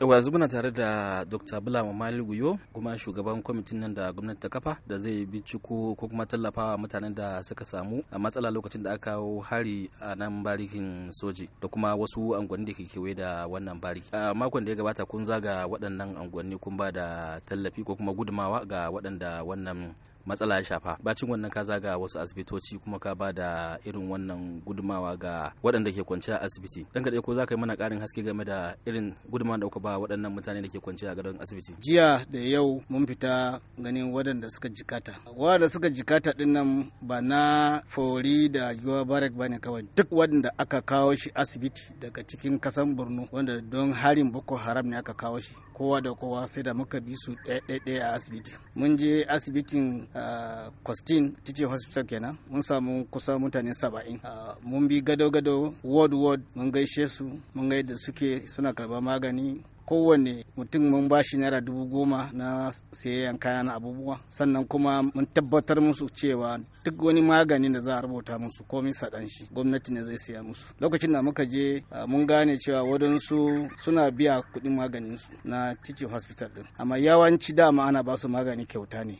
yawa muna tare da dr bulama mali guyo kuma shugaban kwamitin nan da gwamnati ta kafa da zai binciko ko kuma tallafawa mutanen da suka samu a matsala lokacin da aka kawo hari a nan barikin soji da kuma wasu angwanni da ke kewaye da wannan bariki a makon da ya gabata kun zaga waɗannan angwanni kun ba da tallafi ko kuma gudumawa ga waɗanda wannan matsala ya shafa bacin wannan ka zaga wasu asibitoci kuma ka ba da irin wannan gudumawa ga waɗanda ke kwanciya asibiti dan kaɗai ko za ka yi mana ƙarin haske game da irin gudumawa da kuka ba waɗannan mutane da ke kwanciya a garin asibiti jiya da yau mun fita ganin waɗanda suka jikata waɗanda suka jikata ɗin nan ba na fori da yuwa barak ba ne kawai duk waɗanda aka kawo shi asibiti daga cikin kasan borno wanda don harin boko haram ne aka kawo shi kowa da kowa sai da muka bi su ɗaya ɗaya a asibiti mun je asibitin Ah, Costin Titi hospital kenan mun samu kusa mutane saba'in ah, mun bi gado-gado ward ward mun gaishe su mun ga yadda suke suna karɓar magani kowane mutum mun ba shi naira dubu goma na sayayyan kaya na abubuwa sannan kuma mun tabbatar musu cewa duk wani magani da za a rubuta musu komai saɗan shi gwamnati ne zai siya musu lokacin da muka je mun gane cewa wadansu suna biya kuɗin maganin su na teaching hospital din amma yawanci dama ana ba su magani kyauta ne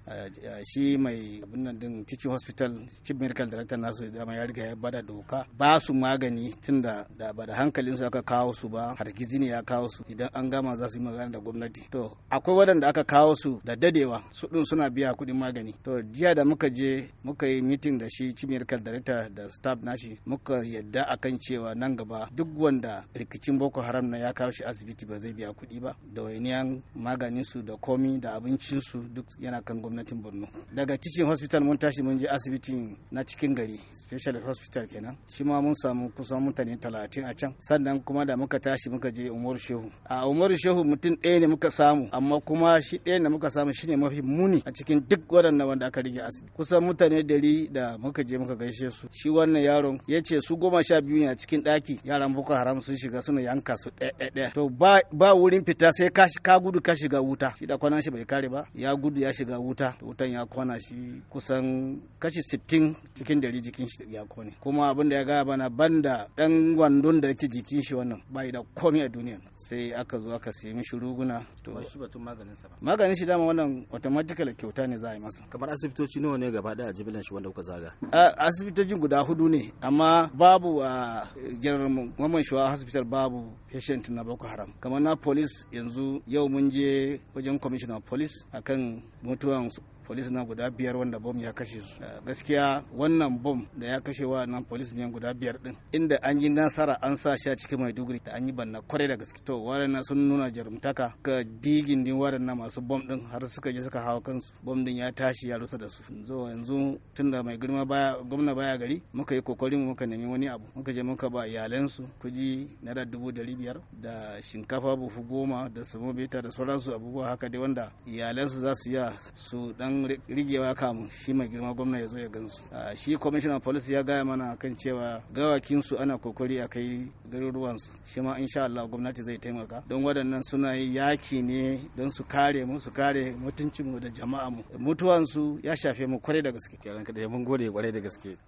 shi mai abin nan din teaching hospital chief medical director nasu dama ya riga ya bada doka ba su magani tunda da ba da hankalin su aka kawo su ba hargizi ne ya kawo su idan an dama za su yi magana da gwamnati to akwai waɗanda aka kawo su da dadewa su ɗin suna biya kuɗin magani to jiya da muka je muka yi mitin da shi cibiyar kaldarita da staff nashi muka yadda akan cewa nan gaba duk wanda rikicin boko haram na ya kawo shi asibiti ba zai biya kuɗi ba da wainiyan maganin su da komi da abincin su duk yana kan gwamnatin borno daga teaching hospital mun tashi mun je asibitin na cikin gari special hospital kenan shi ma mun samu kusan mutane talatin a can sannan kuma da muka tashi muka je umar shehu a Jafaru Shehu mutum ɗaya ne muka samu amma kuma shi ɗaya ne muka samu shine mafi muni a cikin duk waɗannan wanda aka rige asibiti. Kusan mutane dari da muka je muka gaishe su. Shi wannan yaron ya ce su goma sha biyu ne a cikin ɗaki yaran Boko Haram sun shiga suna yanka su ɗaya ɗaya. To ba wurin fita sai ka gudu ka shiga wuta. Shi da kwanan shi bai kare ba ya gudu ya shiga wuta wutan ya kwana shi kusan kashi sittin cikin dari jikin shi ya kone. Kuma abin da ya gaya bana banda ɗan wandon da yake jikin shi wannan bai da komi a duniya sai aka zo zo aka sayi mishi ruguna to shi batun maganin sa ba maganin shi dama wannan automatically kyauta ne za a yi masa kamar asibitoci nawa ne gaba daya jibilan shi wanda kuka zaga asibitocin guda hudu ne amma babu a general mamman shuwa hospital babu patient na boko haram kamar na police yanzu yau mun je wajen commissioner police akan mutuwan polis na guda biyar wanda bom ya kashe su eh, gaskiya wannan bom da ya kashe wa nan polis ne guda biyar din inda an yi nasara an sa shi a cikin maiduguri da an yi banna kware da gaske to waɗannan sun nuna jarumtaka ka digin din waɗannan masu bom din har suka je suka hawa kansu bom din ya tashi ya rusa da su yanzu yanzu tunda mai girma baya gwamna baya gari muka yi kokarin muka nemi wani abu muka je muka ba iyalansu kuji da dubu dari biyar da shinkafa buhu goma da samobeta da sauransu abubuwa haka dai wanda iyalansu za su ya su dan rigewa kamun shi mai girma gwamna ya zo ya gansu shi commissioner police ya gaya mana kan cewa gawakin su ana kokari a kai garuruwan su shi ma insha Allah gwamnati zai taimaka don waɗannan suna yaki ne don su kare mu su kare mutuncin mu da jama'a mu mutuwan su ya shafe mu kwarai da gaske kenan kada mun gode kwarai da gaske